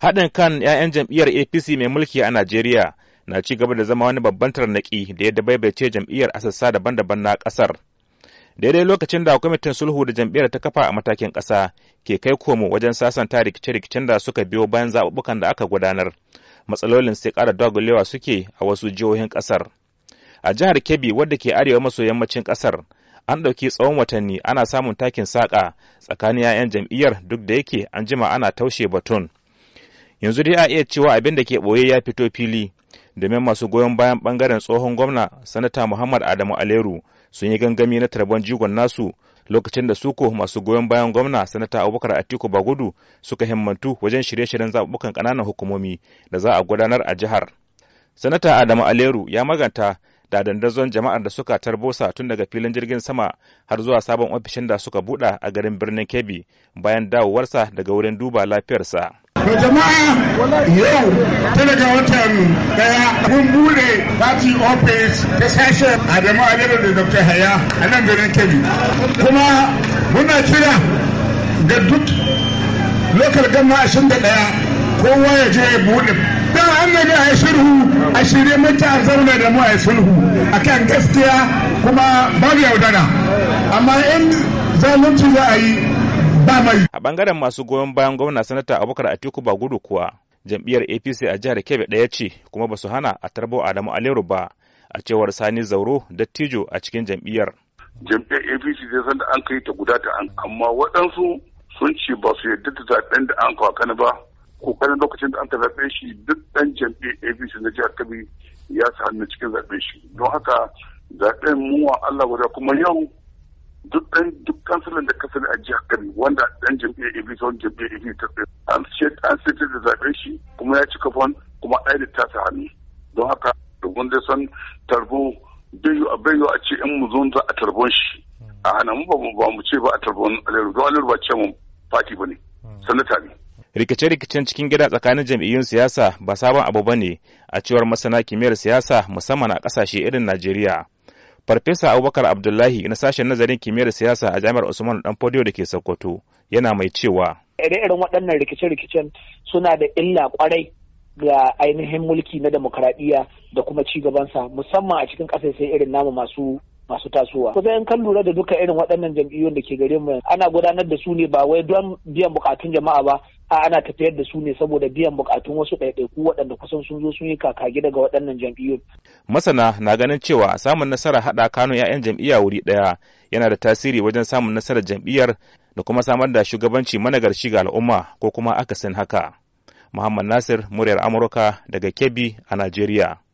haɗin kan 'ya'yan jam'iyyar apc mai mulki a najeriya na ci gaba da zama wani babban tarnaki da ya dabaibace jam'iyyar asassa daban-daban na ƙasar daidai lokacin da kwamitin sulhu da jam'iyyar ta kafa a matakin ƙasa ke kai komo wajen sasanta rikice-rikicen da suka biyo bayan zaɓuɓɓukan da aka gudanar matsalolin sai ƙara dagulewa suke a wasu jihohin ƙasar a jihar kebbi wadda ke arewa maso yammacin ƙasar an ɗauki tsawon watanni ana samun takin saƙa tsakanin 'ya'yan jam'iyyar duk da yake an jima ana taushe batun yanzu dai a iya cewa abin da ke ɓoye ya fito fili domin masu goyon bayan bangaren tsohon gwamna sanata muhammad adamu aleru sun yi gangami na tarban jigon nasu lokacin da suko masu goyon bayan gwamna sanata abubakar atiku bagudu suka himmantu wajen shirye-shiryen zaɓuɓɓukan ƙananan hukumomi da za a gudanar a jihar sanata adamu aleru ya maganta da dandazon jama'ar da suka tarbosa tun daga filin jirgin sama har zuwa sabon ofishin da suka buɗa a garin birnin kebbi bayan dawowarsa daga wurin duba lafiyarsa to jama'a yau ta daga watan daya mun bude party office ta sashen adamu aliyu da dr haya a nan garin kebbi kuma muna kira ga duk lokal gama ashirin da daya kowa ya je ya bude don gani a shirhu a shirye mace a zauna da mu a sulhu a kan gaskiya kuma babu yaudara amma in zalunci za a yi a bangaren masu goyon bayan gwamna sanata abubakar atiku ba gudu kuwa jam'iyyar apc a jihar kebbi ɗaya ce kuma ba su hana a tarbo adamu aleru ba a cewar sani zauro dattijo a cikin jam'iyyar jam'iyyar apc zai san da an kai ta guda ta an amma waɗansu sun ce ba su yarda da zaɓen da an kawo ba kokarin lokacin da an zaɓe shi duk ɗan jam'iyyar apc na jihar kebbi ya sa hannu cikin zaɓen shi don haka zaɓen muwa allah guda kuma yau duk dan duk kansilan da kasar a jihar kan wanda dan jam'iyyar APC wani jam'iyyar ibi ta tsaye an an sai da zaɓen shi kuma ya cika kafan kuma aini ta sa hannu don haka domin da san tarbo bayo a bayo a ce in mu zo za a tarbon shi a hana mu ba mu ce ba a tarbon Aliyu don ba ce mu fati ba ne sanata ne. rikice-rikicen cikin gida tsakanin jam'iyyun siyasa ba sabon abu ba ne a cewar masana kimiyyar siyasa musamman a kasashe irin Najeriya. Farfesa Abubakar Abdullahi na sashen nazarin kimiyyar siyasa a Jami'ar Usman dan Danfodiyo da ke Sokoto yana mai cewa ire-iren waɗannan rikice-rikicen suna da illa kwarai ga ainihin mulki na demokradiyya da kuma ci gabansa musamman a cikin ƙasashe irin namu masu masu tasowa kusan in kan lura da duka irin waɗannan jam'iyyun da ke gare mu ana gudanar da su ne ba wai don biyan bukatun jama'a ba a ana tafiyar da su ne saboda biyan bukatun wasu ɗaiɗaiku waɗanda kusan sun zo sun yi kakagi daga waɗannan jam'iyyun. Masana na ganin cewa samun nasara haɗa kanun 'ya'yan jam'iyya wuri ɗaya yana da tasiri wajen samun nasarar jam'iyyar da kuma samar da shugabanci managarci ga al'umma ko kuma akasin haka. Muhammad Nasir, muryar Amurka daga Kebbi a Najeriya.